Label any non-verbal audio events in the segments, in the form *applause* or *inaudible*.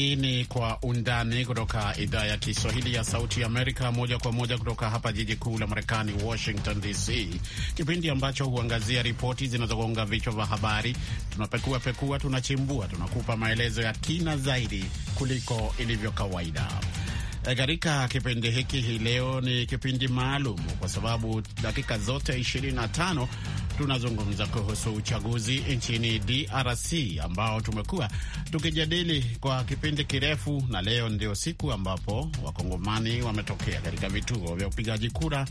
Hii ni Kwa Undani kutoka idhaa ya Kiswahili ya Sauti ya Amerika, moja kwa moja kutoka hapa jiji kuu la Marekani, Washington DC, kipindi ambacho huangazia ripoti zinazogonga vichwa vya habari. Tunapekua pekua, tunachimbua, tunakupa maelezo ya kina zaidi kuliko ilivyo kawaida. E, katika kipindi hiki hii leo ni kipindi maalum kwa sababu dakika zote 25 tunazungumza kuhusu uchaguzi nchini DRC ambao tumekuwa tukijadili kwa kipindi kirefu, na leo ndio siku ambapo wakongomani wametokea katika vituo vya upigaji kura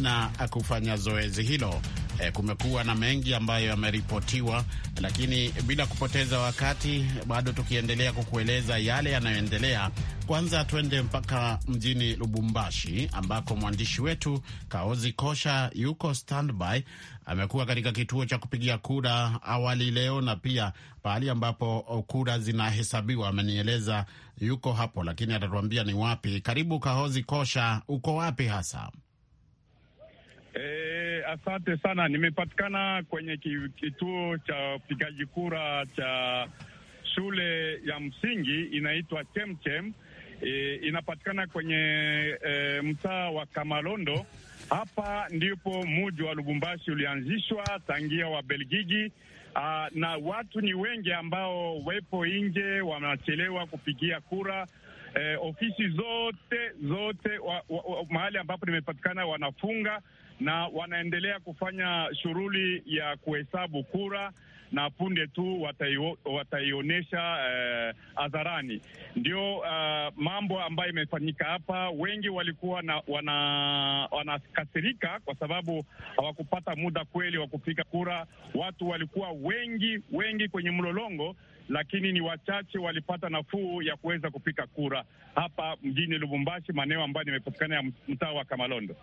na kufanya zoezi hilo E, kumekuwa na mengi ambayo yameripotiwa, lakini bila kupoteza wakati, bado tukiendelea kukueleza yale yanayoendelea, kwanza twende mpaka mjini Lubumbashi ambako mwandishi wetu Kaozi Kosha yuko standby. Amekuwa katika kituo cha kupigia kura awali leo na pia pahali ambapo kura zinahesabiwa. Amenieleza yuko hapo, lakini atatuambia ni wapi. Karibu Kaozi Kosha, uko wapi hasa? E, asante sana. Nimepatikana kwenye kituo cha upigaji kura cha shule ya msingi inaitwa Chemchem. E, inapatikana kwenye e, mtaa wa Kamalondo. Hapa ndipo muji wa Lubumbashi ulianzishwa tangia wa Belgiji. A, na watu ni wengi ambao wepo nje wanachelewa kupigia kura. E, ofisi zote zote wa, wa, wa, mahali ambapo nimepatikana wanafunga na wanaendelea kufanya shughuli ya kuhesabu kura na punde tu wataionyesha eh, hadharani. Eh, ndio uh, mambo ambayo imefanyika hapa. Wengi walikuwa na, wana, wanakasirika kwa sababu hawakupata muda kweli wa kupiga kura. Watu walikuwa wengi wengi kwenye mlolongo, lakini ni wachache walipata nafuu ya kuweza kupiga kura hapa mjini Lubumbashi, maeneo ambayo nimepatikana ya mtaa wa Kamalondo.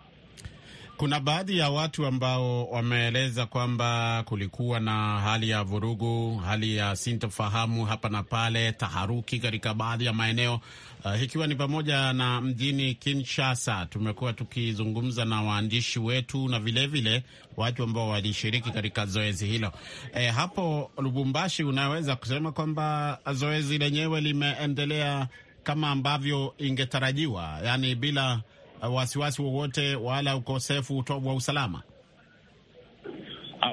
Kuna baadhi ya watu ambao wameeleza kwamba kulikuwa na hali ya vurugu, hali ya sintofahamu hapa na pale, taharuki katika baadhi ya maeneo uh, ikiwa ni pamoja na mjini Kinshasa. Tumekuwa tukizungumza na waandishi wetu na vilevile vile, watu ambao walishiriki katika zoezi hilo. E, hapo Lubumbashi unaweza kusema kwamba zoezi lenyewe limeendelea kama ambavyo ingetarajiwa, yani bila Eh, wasiwasi wowote wala ukosefu utovu wa usalama?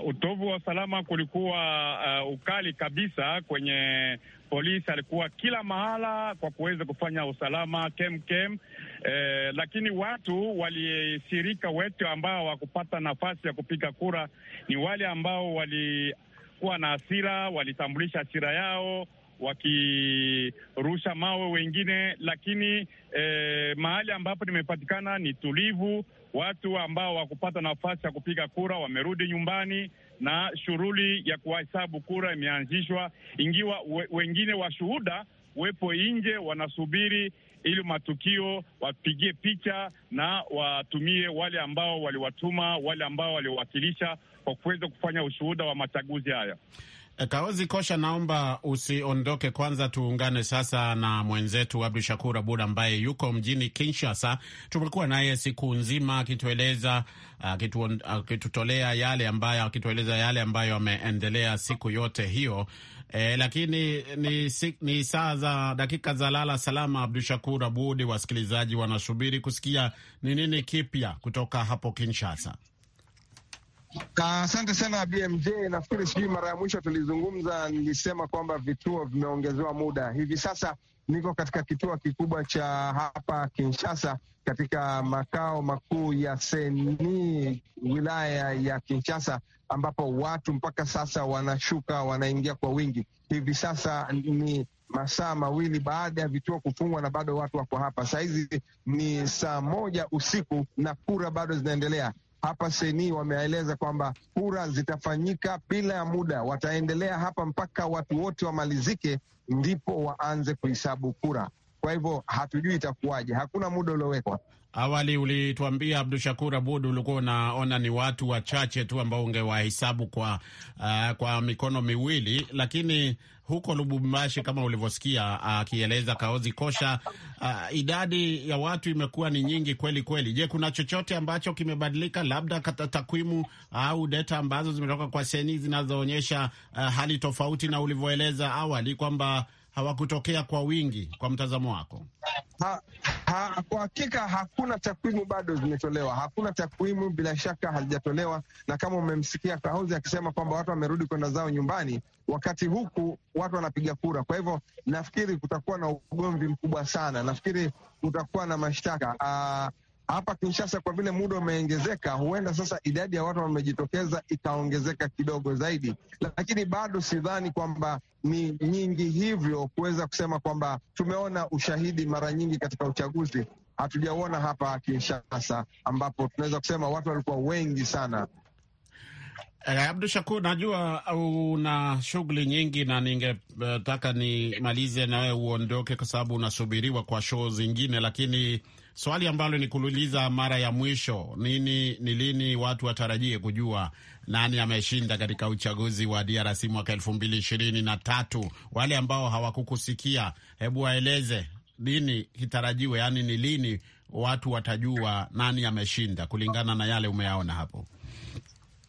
Uh, utovu wa usalama kulikuwa uh, ukali kabisa kwenye polisi alikuwa kila mahala kwa kuweza kufanya usalama kem kem, eh, lakini watu walishirika wetu ambao wakupata nafasi ya kupiga kura ni wale ambao walikuwa na hasira, walitambulisha hasira yao wakirusha mawe wengine, lakini eh, mahali ambapo nimepatikana ni tulivu. Watu ambao wakupata nafasi ya kupiga kura wamerudi nyumbani na shughuli ya kuhesabu kura imeanzishwa, ingiwa we, wengine washuhuda wepo nje wanasubiri ili matukio wapigie picha na watumie wale ambao waliwatuma, wale ambao waliwakilisha kwa kuweza kufanya ushuhuda wa machaguzi haya. Eh, Kaozi Kosha, naomba usiondoke, kwanza tuungane sasa na mwenzetu Abdu Shakur Abud ambaye yuko mjini Kinshasa. Tumekuwa naye siku nzima akitueleza akitutolea yale ambayo akitueleza yale ambayo ameendelea siku yote hiyo. E, lakini ni, ni saa za dakika za lala salama. Abdu Shakur Abud, wasikilizaji wanasubiri kusikia ni nini kipya kutoka hapo Kinshasa. Asante sana BMJ. Nafikiri sijui mara ya mwisho tulizungumza, nilisema kwamba vituo vimeongezewa muda. Hivi sasa niko katika kituo kikubwa cha hapa Kinshasa, katika makao makuu ya Seni wilaya ya Kinshasa, ambapo watu mpaka sasa wanashuka, wanaingia kwa wingi. Hivi sasa ni masaa mawili baada ya vituo kufungwa na bado watu wako hapa. Saa hizi ni saa moja usiku na kura bado zinaendelea hapa seni wameeleza kwamba kura zitafanyika bila ya muda, wataendelea hapa mpaka watu wote wamalizike, ndipo waanze kuhesabu kura. Kwa hivyo hatujui itakuwaje, hakuna muda uliowekwa. Awali ulituambia Abdu Shakur Abud, ulikuwa unaona ni watu wachache tu ambao ungewahesabu kwa, uh, kwa mikono miwili, lakini huko Lubumbashi kama ulivyosikia eh, akieleza uh, Kaozi Kosha, uh, idadi ya watu imekuwa ni nyingi kweli kweli. Je, kuna chochote ambacho kimebadilika, labda takwimu au uh, data ambazo zimetoka kwa seni zinazoonyesha uh, hali tofauti na ulivyoeleza awali kwamba hawakutokea kwa wingi kwa mtazamo wako? Ha, ha, kwa hakika hakuna takwimu bado zimetolewa, hakuna takwimu bila shaka halijatolewa, na kama umemsikia Kahozi akisema kwamba watu wamerudi kwenda zao nyumbani, wakati huku watu wanapiga kura. Kwa hivyo nafikiri kutakuwa na ugomvi mkubwa sana, nafikiri kutakuwa na mashtaka. Ah, hapa Kinshasa kwa vile muda umeongezeka, huenda sasa idadi ya watu wamejitokeza ikaongezeka kidogo zaidi, lakini bado sidhani kwamba ni nyingi hivyo kuweza kusema kwamba tumeona ushahidi. Mara nyingi katika uchaguzi hatujaona hapa Kinshasa ambapo tunaweza kusema watu walikuwa wengi sana. Eh, Abdu Shakur, najua una shughuli nyingi na ningetaka nimalize nawe uondoke, kwa sababu unasubiriwa kwa shoo zingine, lakini Swali ambalo ni kuuliza mara ya mwisho, nini ni lini watu watarajie kujua nani ameshinda katika uchaguzi wa DRC mwaka elfu mbili ishirini na tatu? Wale ambao hawakukusikia, hebu waeleze lini kitarajiwe, yaani ni lini watu watajua nani ameshinda kulingana na yale umeyaona hapo.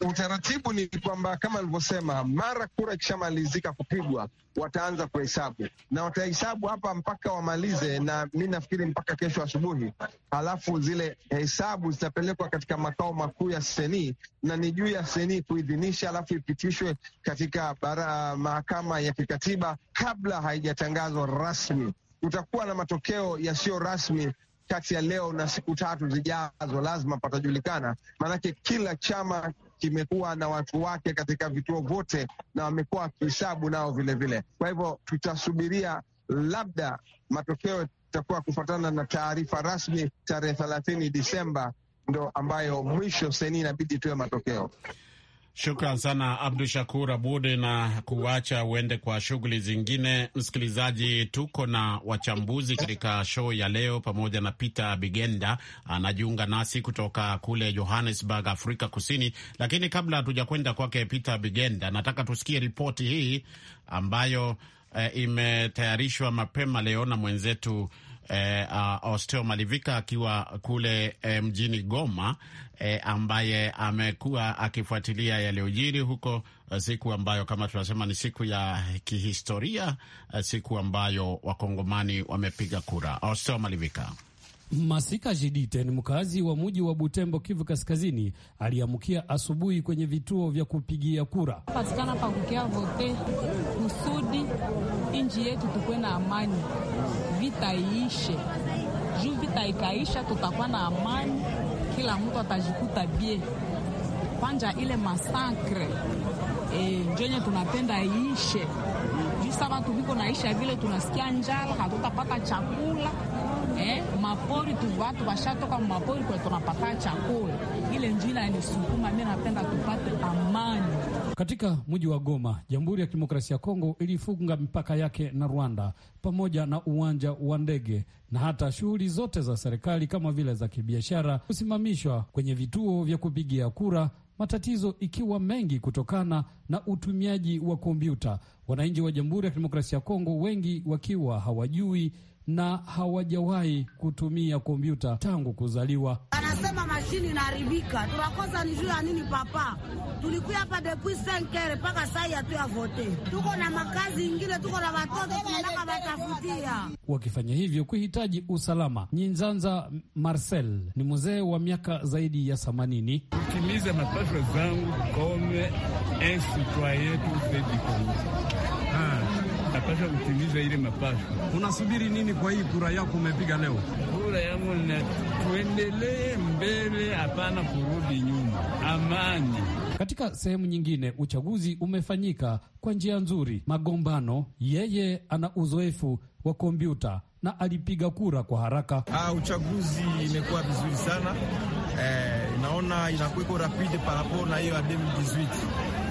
Utaratibu ni kwamba kama alivyosema, mara kura ikishamalizika kupigwa wataanza kuhesabu na watahesabu hapa mpaka wamalize, na mi nafikiri mpaka kesho asubuhi. Halafu zile hesabu zitapelekwa katika makao makuu ya seni na ni juu ya seni kuidhinisha, halafu ipitishwe katika bara mahakama ya kikatiba kabla haijatangazwa rasmi. Kutakuwa na matokeo yasiyo rasmi kati ya leo na siku tatu zijazo, lazima patajulikana, maanake kila chama kimekuwa na watu wake katika vituo vyote na wamekuwa wakihesabu nao vilevile. Kwa hivyo tutasubiria labda matokeo itakuwa kufuatana na taarifa rasmi tarehe thelathini Disemba ndo ambayo mwisho seni inabidi tuwe matokeo Shukran sana Abdu Shakur Abud, na kuacha uende kwa shughuli zingine. Msikilizaji, tuko na wachambuzi katika show ya leo pamoja na Peter Bigenda anajiunga nasi kutoka kule Johannesburg, Afrika Kusini. Lakini kabla hatujakwenda kwake Peter Bigenda, nataka tusikie ripoti hii ambayo eh, imetayarishwa mapema leo na mwenzetu eh, uh, Osteo Malivika akiwa kule eh, mjini Goma eh, ambaye amekuwa akifuatilia yaliyojiri huko eh, siku ambayo kama tunasema ni siku ya kihistoria, eh, siku ambayo wakongomani wamepiga kura. Osteo Malivika. Masika Jidite ni mkazi wa mji wa Butembo, Kivu Kaskazini. Aliamkia asubuhi kwenye vituo vya kupigia kura, patikana pakukia vote kusudi nchi yetu tukwe na amani, vita iishe. Juu vita ikaisha, tutakuwa na amani, kila mtu atajikuta bie kwanja ile masakre e, njenye tunapenda iishe juu saba tuviko naisha vile, tunasikia njala, hatutapata chakula eh, mapori tu watu washatoka mapori kwa tunapata chakula, ile njina inisukuma mimi napenda tupate amani katika mji wa Goma. Jamhuri ya Kidemokrasia ya Kongo ilifunga mipaka yake na Rwanda pamoja na uwanja wa ndege na hata shughuli zote za serikali kama vile za kibiashara kusimamishwa kwenye vituo vya kupigia kura matatizo ikiwa mengi kutokana na utumiaji wa kompyuta, wananchi wa Jamhuri ya Kidemokrasia ya Kongo wengi wakiwa hawajui na hawajawahi kutumia kompyuta tangu kuzaliwa. Anasema mashini inaharibika, tunakosa ni juu ya nini? Papa, tulikuya hapa depuis senkere mpaka sai vote, tuko na makazi ingine, tuko na watoto tunataka watafutia. Wakifanya hivyo kuhitaji usalama. Nyinzanza Marcel ni mzee wa miaka zaidi ya themanini. Timiza mapasho zangu kome esitwa yetu inapasha kutimiza ile mapasho. Unasubiri nini kwa hii kura yako umepiga leo? Kura yangu ni tuendelee mbele, hapana kurudi nyuma. Amani katika sehemu nyingine, uchaguzi umefanyika kwa njia nzuri, magombano. Yeye ana uzoefu wa kompyuta na alipiga kura kwa haraka. Ah, uchaguzi imekuwa vizuri sana eh, naona inakuweko rapide parapor na hiyo ya 2018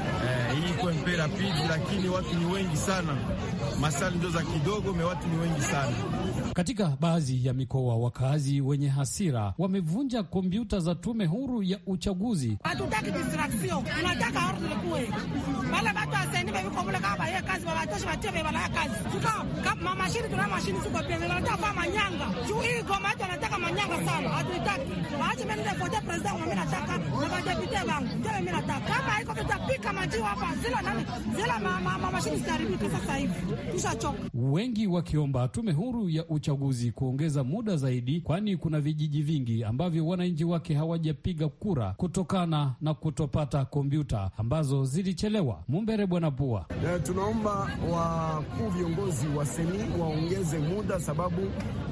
ilikuwa mpera pili, lakini watu ni wengi sana. Masali ndio za kidogo me, watu ni wengi sana. Katika baadhi ya mikoa, wakazi wenye hasira wamevunja kompyuta za tume huru ya uchaguzi. Hatutaki distraction, tunataka ordre wale watu kama kazi kazi tuka kama mashini tuna mashini pia kwa manyanga juu hii anataka manyanga sana, hatutaki waache mimi ndio kwa president mimi nataka na bangu ndio mimi nataka kama iko tutapika hapa wengi wakiomba tume huru ya uchaguzi kuongeza muda zaidi, kwani kuna vijiji vingi ambavyo wananchi wake hawajapiga kura kutokana na kutopata kompyuta ambazo zilichelewa. Mumbere Bwana Pua, e, tunaomba wakuu viongozi wa seni waongeze muda sababu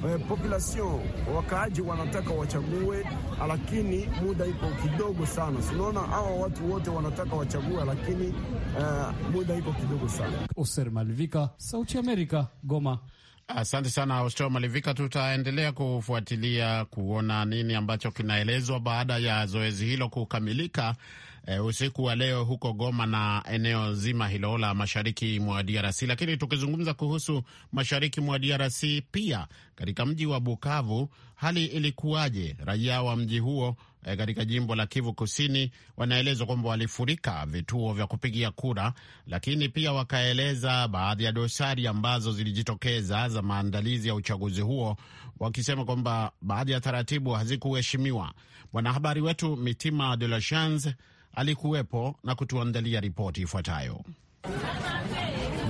e, population wakaaji wanataka wachague, lakini muda iko kidogo sana. Tunaona hawa watu wote wanataka wachague, lakini Eh, muda iko kidogo sana. Oser Malivika, Sauti Amerika, Goma. Asante sana Hostel Malivika, tutaendelea kufuatilia kuona nini ambacho kinaelezwa baada ya zoezi hilo kukamilika e, usiku wa leo huko Goma na eneo zima hilo la mashariki mwa DRC. Lakini tukizungumza kuhusu mashariki mwa DRC, pia katika mji wa Bukavu hali ilikuwaje? Raia wa mji huo Eh, katika jimbo la Kivu Kusini wanaelezwa kwamba walifurika vituo vya kupigia kura, lakini pia wakaeleza baadhi ya dosari ambazo zilijitokeza za maandalizi ya uchaguzi huo, wakisema kwamba baadhi ya taratibu hazikuheshimiwa. Mwanahabari wetu Mitima De La Chance alikuwepo na kutuandalia ripoti ifuatayo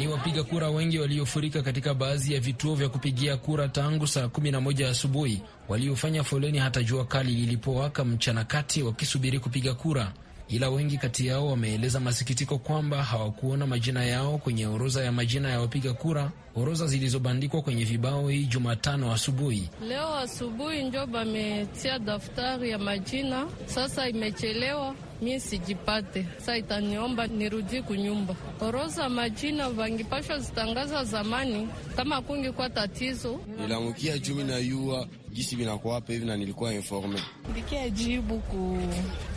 ni wapiga kura wengi waliofurika katika baadhi ya vituo vya kupigia kura tangu saa moja asubuhi, waliofanya foleni hata jua kali lilipowaka mchana kati, wakisubiri kupiga kura ila wengi kati yao wameeleza masikitiko kwamba hawakuona majina yao kwenye orodha ya majina ya wapiga kura, orodha zilizobandikwa kwenye vibao hii Jumatano asubuhi. Leo asubuhi njo bametia daftari ya majina, sasa imechelewa mi sijipate sa itaniomba nirudi kunyumba. Oroza majina vangipashwa zitangaza zamani, kama kungi kwa tatizo ilamukia jumi na yua jisi vinakuwa hapa hivi, na nilikuwa informe kulikia jibu ku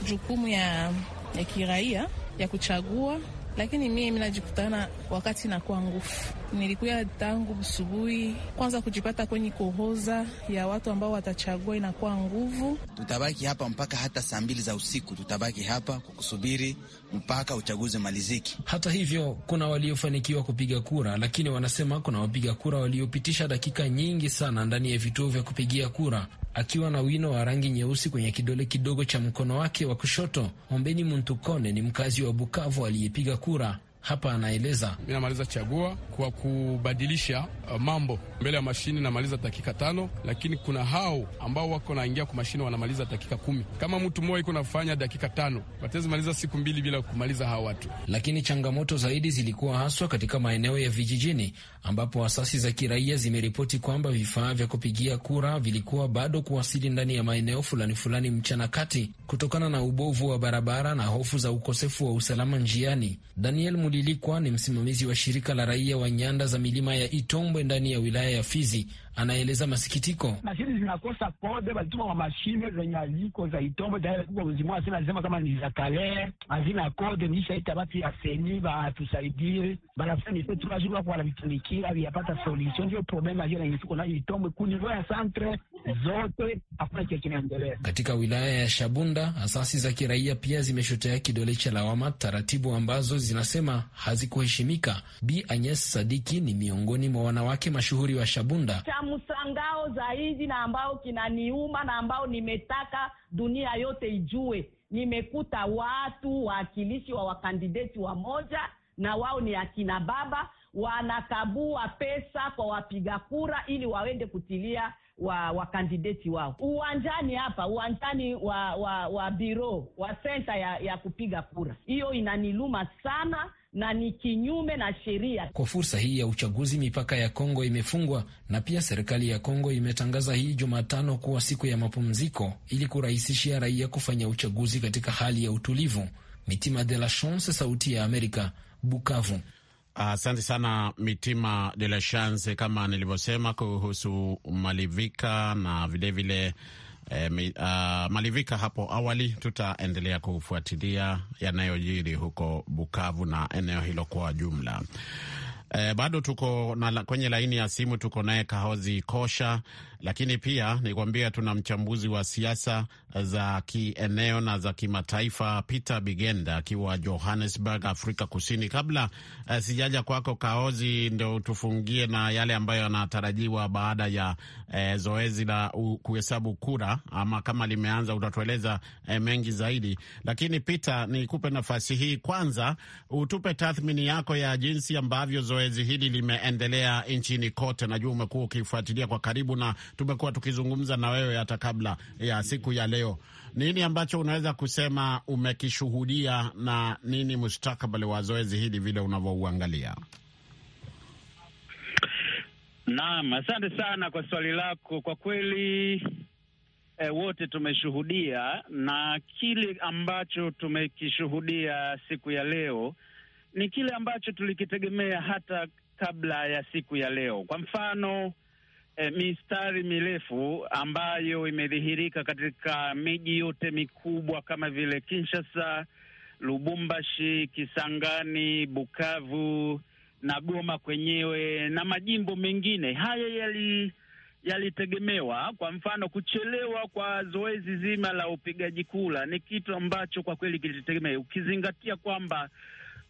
jukumu ya, ya kiraia ya kuchagua, lakini mimi najikutana wakati nakuwa ngufu nilikuya tangu asubuhi, kwanza kujipata kwenye kohoza ya watu ambao watachagua inakuwa nguvu. Tutabaki hapa mpaka hata saa mbili za usiku, tutabaki hapa kukusubiri mpaka uchaguzi maliziki. Hata hivyo, kuna waliofanikiwa kupiga kura, lakini wanasema kuna wapiga kura waliopitisha dakika nyingi sana ndani ya vituo vya kupigia kura akiwa na wino wa rangi nyeusi kwenye kidole kidogo cha mkono wake wa kushoto. Ombeni Muntukone ni mkazi wa Bukavu aliyepiga kura hapa anaeleza: minamaliza chagua kwa kubadilisha uh, mambo mbele ya mashine, namaliza dakika tano, lakini kuna hao ambao wako naingia kwa mashine wanamaliza dakika kumi. Kama mtu mmoja iko nafanya dakika tano, watezi maliza siku mbili bila kumaliza hao watu. Lakini changamoto zaidi zilikuwa haswa katika maeneo ya vijijini, ambapo asasi za kiraia zimeripoti kwamba vifaa vya kupigia kura vilikuwa bado kuwasili ndani ya maeneo fulani fulani mchana kati, kutokana na ubovu wa barabara na hofu za ukosefu wa usalama njiani. Daniel Mudi Lilikwa ni msimamizi wa shirika la raia wa nyanda za milima ya Itombwe ndani ya wilaya ya Fizi anaeleza masikitiko. Mashine zinakosa kode, walituma wa mashine zenye aziko za itombo takuauzimua asina zisema kama ni za kale hazina kode, niishaita batu ya seni batusaidie banafuanipeturajulwako wanavitumikira viyapata solution. ndio problema hiyo yenye tuko nayo itombo kunivo ya centre zote, hakuna kile kinaendelea katika wilaya ya Shabunda. Asasi za kiraia pia zimeshotea kidole cha lawama taratibu ambazo zinasema hazikuheshimika. Bi Anyes Sadiki ni miongoni mwa wanawake mashuhuri wa Shabunda Cham msangao zaidi na ambao kinaniuma na ambao nimetaka dunia yote ijue nimekuta watu waakilishi wa wakandideti wa moja na wao ni akina baba wanakabua pesa kwa wapiga kura ili waende kutilia wa wakandideti wao uwanjani hapa uwanjani wa wa, wa biro wa senta ya, ya kupiga kura hiyo inaniluma sana na ni kinyume na sheria. Kwa fursa hii ya uchaguzi, mipaka ya Kongo imefungwa na pia serikali ya Kongo imetangaza hii Jumatano kuwa siku ya mapumziko ili kurahisishia raia kufanya uchaguzi katika hali ya utulivu. Mitima de la Chance, Sauti ya Amerika, Bukavu. Asante uh, sana Mitima de la Chance, kama nilivyosema kuhusu Malivika na vilevile vile E, mi, uh, malivika hapo awali. Tutaendelea kufuatilia yanayojiri huko Bukavu na eneo hilo kwa jumla. E, bado tuko na, kwenye laini ya simu tuko naye Kahozi Kosha lakini pia ni kuambia tuna mchambuzi wa siasa za kieneo na za kimataifa Peter Bigenda akiwa Johannesburg, Afrika Kusini. Kabla uh, sijaja kwako Kaozi, ndo tufungie na yale ambayo yanatarajiwa baada ya uh, zoezi la uh, kuhesabu kura ama kama limeanza, utatueleza uh, mengi zaidi. Lakini Peter, nikupe nafasi hii kwanza, utupe tathmini yako ya jinsi ambavyo zoezi hili limeendelea nchini kote. Najua umekuwa ukifuatilia kwa karibu na tumekuwa tukizungumza na wewe hata kabla ya siku ya leo. Nini ambacho unaweza kusema umekishuhudia na nini mustakabali wa zoezi hili vile unavyouangalia? Naam, asante sana kwa swali lako. Kwa kweli E, wote tumeshuhudia na kile ambacho tumekishuhudia siku ya leo ni kile ambacho tulikitegemea hata kabla ya siku ya leo. Kwa mfano e, mistari mirefu ambayo imedhihirika katika miji yote mikubwa kama vile Kinshasa, Lubumbashi, Kisangani, Bukavu na Goma kwenyewe na majimbo mengine. Haya yali yalitegemewa. Kwa mfano, kuchelewa kwa zoezi zima la upigaji kura ni kitu ambacho kwa kweli kilitegemea, ukizingatia kwamba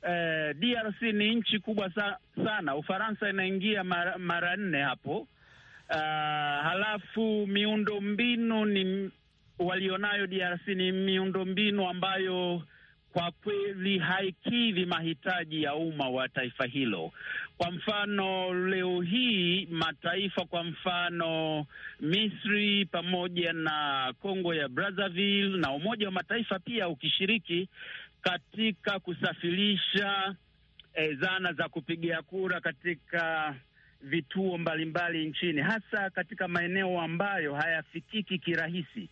eh, DRC ni nchi kubwa sa, sana. Ufaransa inaingia mara, mara nne hapo Uh, halafu miundo mbinu ni walionayo DRC ni miundo mbinu ambayo kwa kweli haikidhi mahitaji ya umma wa taifa hilo. Kwa mfano leo hii mataifa, kwa mfano Misri pamoja na Kongo ya Brazzaville na Umoja wa Mataifa pia ukishiriki katika kusafirisha eh, zana za kupigia kura katika vituo mbalimbali mbali nchini, hasa katika maeneo ambayo hayafikiki kirahisi.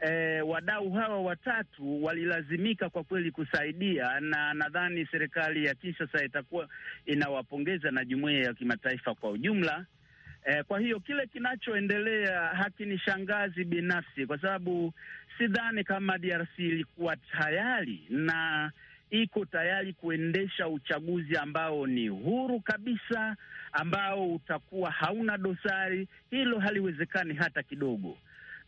E, wadau hawa watatu walilazimika kwa kweli kusaidia, na nadhani serikali ya Kinshasa itakuwa inawapongeza na jumuiya ya kimataifa kwa ujumla. E, kwa hiyo kile kinachoendelea hakinishangazi binafsi, kwa sababu sidhani kama DRC ilikuwa tayari na iko tayari kuendesha uchaguzi ambao ni huru kabisa, ambao utakuwa hauna dosari. Hilo haliwezekani hata kidogo.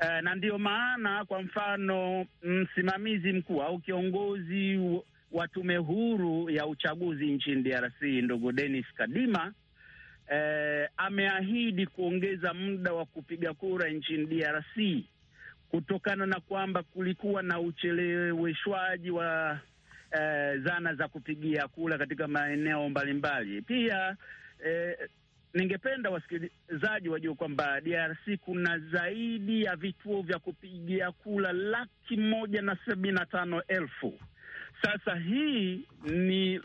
Uh, na ndiyo maana kwa mfano msimamizi mkuu au kiongozi wa tume huru ya uchaguzi nchini DRC ndugu Denis Kadima uh, ameahidi kuongeza muda wa kupiga kura nchini DRC kutokana na kwamba kulikuwa na ucheleweshwaji wa eh, zana za kupigia kura katika maeneo mbalimbali. Pia eh, ningependa wasikilizaji wajue kwamba DRC kuna zaidi ya vituo vya kupigia kura laki moja na sabini na tano elfu. Sasa hii ni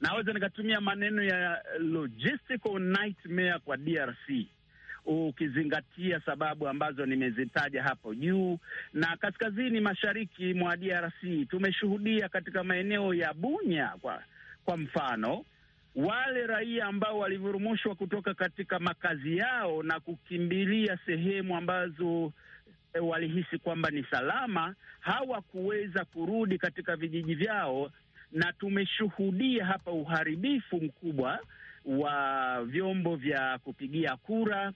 naweza nikatumia maneno ya logistical nightmare kwa DRC ukizingatia sababu ambazo nimezitaja hapo juu. Na kaskazini mashariki mwa DRC tumeshuhudia katika maeneo ya Bunya kwa, kwa mfano wale raia ambao walivurumushwa kutoka katika makazi yao na kukimbilia sehemu ambazo eh, walihisi kwamba ni salama, hawakuweza kurudi katika vijiji vyao, na tumeshuhudia hapa uharibifu mkubwa wa vyombo vya kupigia kura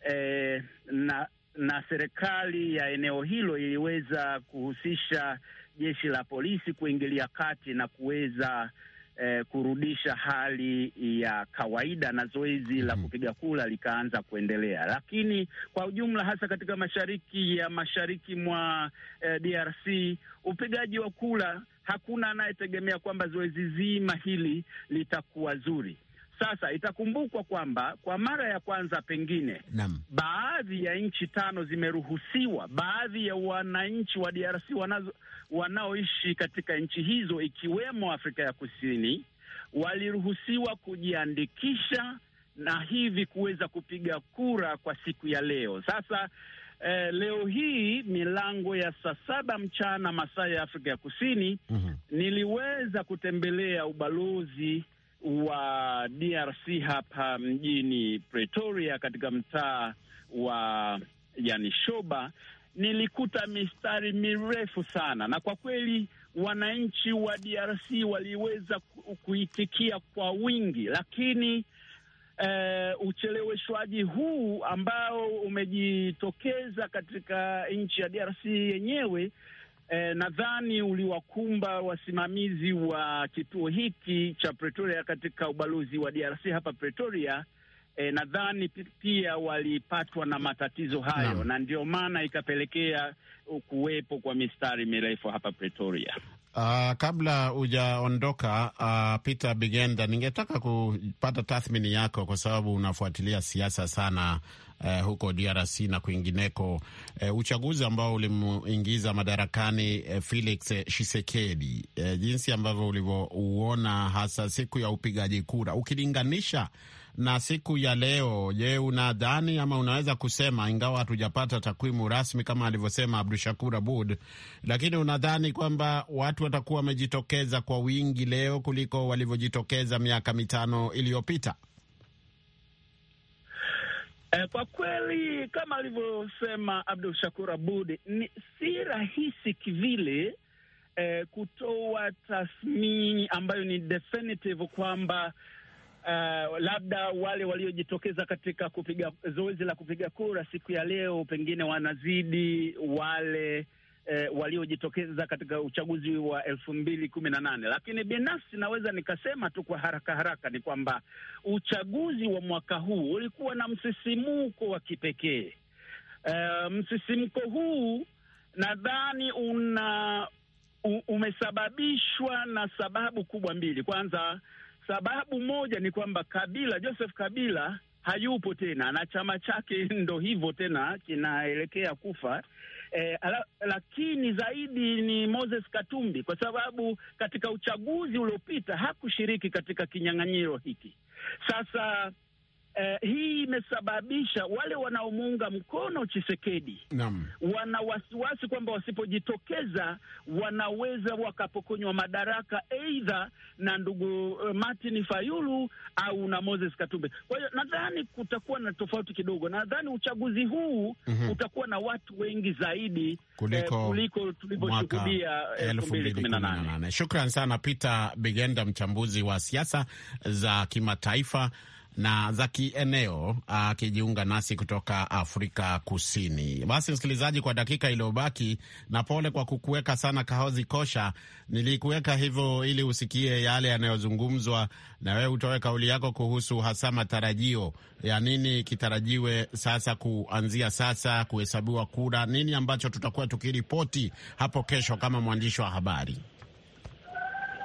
eh, na na serikali ya eneo hilo iliweza kuhusisha jeshi la polisi kuingilia kati na kuweza eh, kurudisha hali ya kawaida na zoezi mm -hmm. la mhm. kupiga kura likaanza kuendelea, lakini kwa ujumla, hasa katika mashariki ya mashariki mwa eh, DRC upigaji wa kura, hakuna anayetegemea kwamba zoezi zima hili litakuwa zuri. Sasa itakumbukwa kwamba kwa mara ya kwanza pengine Nam. baadhi ya nchi tano zimeruhusiwa baadhi ya wananchi wa DRC wanazo, wanaoishi katika nchi hizo ikiwemo Afrika ya Kusini waliruhusiwa kujiandikisha na hivi kuweza kupiga kura kwa siku ya leo. Sasa eh, leo hii milango ya saa saba mchana masaa ya Afrika ya Kusini mm -hmm. niliweza kutembelea ubalozi wa DRC hapa mjini Pretoria, katika mtaa wa Yanishoba, nilikuta mistari mirefu sana, na kwa kweli wananchi wa DRC waliweza kuitikia kwa wingi, lakini Uh, ucheleweshwaji huu ambao umejitokeza katika nchi ya DRC yenyewe eh, nadhani uliwakumba wasimamizi wa kituo hiki cha Pretoria katika ubalozi wa DRC hapa Pretoria. E, nadhani pia walipatwa na matatizo hayo na, na ndio maana ikapelekea uh, kuwepo kwa mistari mirefu hapa Pretoria. Uh, kabla hujaondoka uh, Peter Bigenda, ningetaka kupata tathmini yako kwa sababu unafuatilia siasa sana eh, huko DRC na kwingineko eh, uchaguzi ambao ulimuingiza madarakani eh, Felix eh, Tshisekedi eh, jinsi ambavyo ulivyouona hasa siku ya upigaji kura ukilinganisha na siku ya leo, je, unadhani ama unaweza kusema, ingawa hatujapata takwimu rasmi kama alivyosema Abdu Shakur Abud, lakini unadhani kwamba watu watakuwa wamejitokeza kwa wingi leo kuliko walivyojitokeza miaka mitano iliyopita? Eh, kwa kweli kama alivyosema Abdul Shakur Abud ni si rahisi kivile eh, kutoa tathmini ambayo ni definitive kwamba eh, labda wale waliojitokeza katika kupiga zoezi la kupiga kura siku ya leo pengine wanazidi wale eh, waliojitokeza katika uchaguzi wa elfu mbili kumi na nane. Lakini binafsi naweza nikasema tu kwa haraka haraka ni kwamba uchaguzi wa mwaka huu ulikuwa na msisimuko wa kipekee. Uh, eh, msisimko huu nadhani una u, umesababishwa na sababu kubwa mbili. Kwanza, sababu moja ni kwamba Kabila, Joseph Kabila hayupo tena na chama chake *laughs* ndo hivyo tena kinaelekea kufa eh, ala, lakini zaidi ni Moses Katumbi kwa sababu katika uchaguzi uliopita hakushiriki katika kinyang'anyiro hiki. Sasa Uh, hii imesababisha wale wanaomuunga mkono Chisekedi Naam. wana wasiwasi kwamba wasipojitokeza wanaweza wakapokonywa madaraka aidha na ndugu uh, Martin Fayulu au na Moses Katumbe. Kwa hiyo nadhani kutakuwa na tofauti kidogo, nadhani uchaguzi huu mm -hmm. utakuwa na watu wengi zaidi kuliko, eh, kuliko tulivyoshuhudia nane. Shukran sana Peter Bigenda, mchambuzi wa siasa za kimataifa na za kieneo, ah, akijiunga nasi kutoka Afrika Kusini. Basi msikilizaji, kwa dakika iliyobaki, na pole kwa kukuweka sana kahozi kosha, nilikuweka hivyo ili usikie yale yanayozungumzwa, na wewe utoe kauli yako kuhusu hasa matarajio ya nini kitarajiwe sasa, kuanzia sasa kuhesabiwa kura, nini ambacho tutakuwa tukiripoti hapo kesho kama mwandishi wa habari.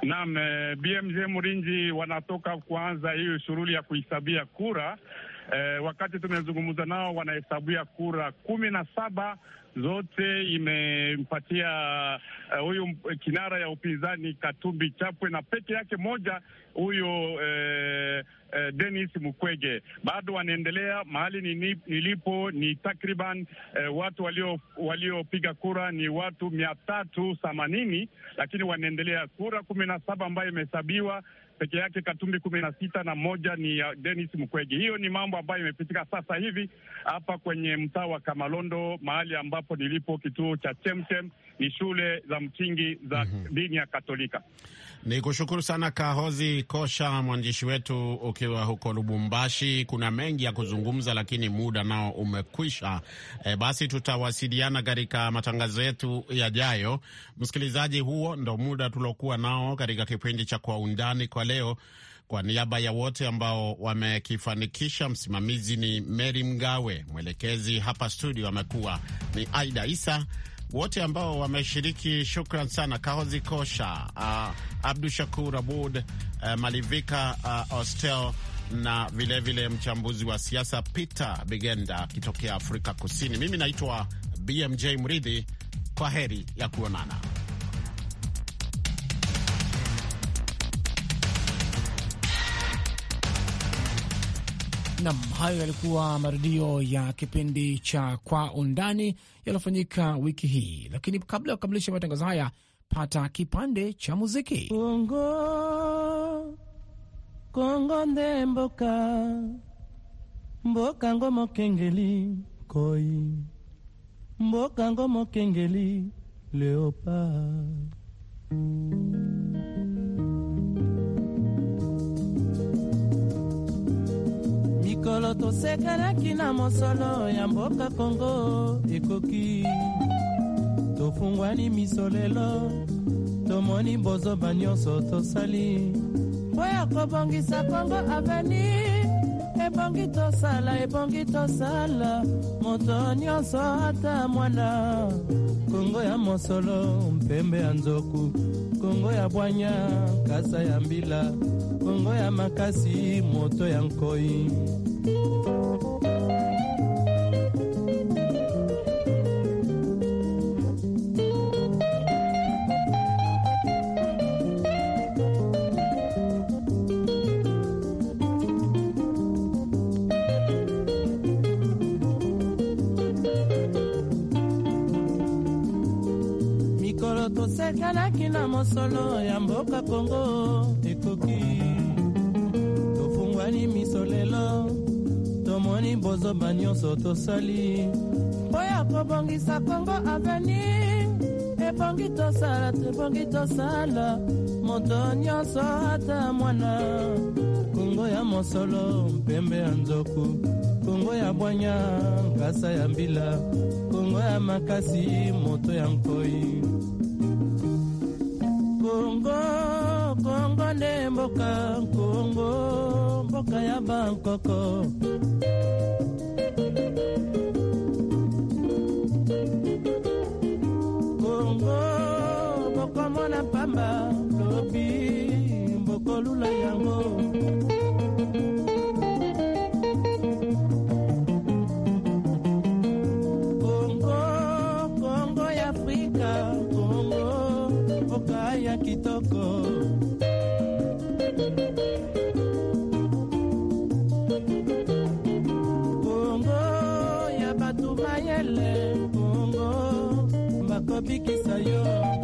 Naam, eh, BMJ Mrinji wanatoka kuanza hiyo shughuli ya kuhesabia kura. Eh, wakati tumezungumza nao wanahesabia kura kumi na saba zote imempatia eh, huyu uh, kinara ya upinzani Katumbi Chapwe na peke yake moja huyo eh, eh, Dennis Mukwege. Bado wanaendelea mahali ni, nilipo ni takriban eh, watu waliopiga walio kura ni watu mia tatu themanini, lakini wanaendelea kura kumi na saba ambayo imehesabiwa peke yake Katumbi kumi na sita na moja ni ya Denis Mukwege. Hiyo ni mambo ambayo imepitika sasa hivi hapa kwenye mtaa wa Kamalondo, mahali ambapo nilipo kituo cha Chemchem ni shule za msingi za mm -hmm. dini ya Katolika. Ni kushukuru sana Kahozi Kosha, mwandishi wetu ukiwa huko Lubumbashi. Kuna mengi ya kuzungumza, lakini muda nao umekwisha. E, basi tutawasiliana katika matangazo yetu yajayo. Msikilizaji, huo ndo muda tuliokuwa nao katika kipindi cha Kwa Undani kwa leo. Kwa niaba ya wote ambao wamekifanikisha, msimamizi ni Meri Mgawe, mwelekezi hapa studio amekuwa ni Aida Isa wote ambao wameshiriki. Shukran sana Kahozi Kosha, uh, Abdu Shakur Abud, uh, Malivika uh, Ostel na vilevile vile mchambuzi wa siasa Peter Bigenda akitokea Afrika Kusini. Mimi naitwa BMJ Mridhi, kwa heri ya kuonana. Nam, hayo yalikuwa marudio ya kipindi cha Kwa Undani yalofanyika wiki hii, lakini kabla ya kukamilisha matangazo haya, pata kipande cha muziki Kongo, Kongo nde mboka mboka ngomo kengeli koi mboka ngomo kengeli leopa mikolo tosekelaki na mosolo ya mboka kongo ekoki tofungwani miso lelo tomoni bozoba nyonso tosali mpo ya kobongisa kongo aveni ebongi tosala ebongi tosala moto nyonso ata mwana kongo ya mosolo mpembe ya nzoku kongo ya bwanya kasa ya mbila kongo ya makasi moto ya nkoi na mosolo ya mboka kongo ekoki tofungwani miso lelo tomoni bozoba nyonso tosali mpo ya kobongisa kongo aveni ebongi tosala tebongi tosala moto nyonso ata mwana kongo ya mosolo mpembe ya nzoku kongo ya bwanya nkasa ya mbila kongo ya makasi moto ya nkoi nde mboka nkongo mboka ya bankoko kongo bokomona pamba lobi mbokolula yango yo.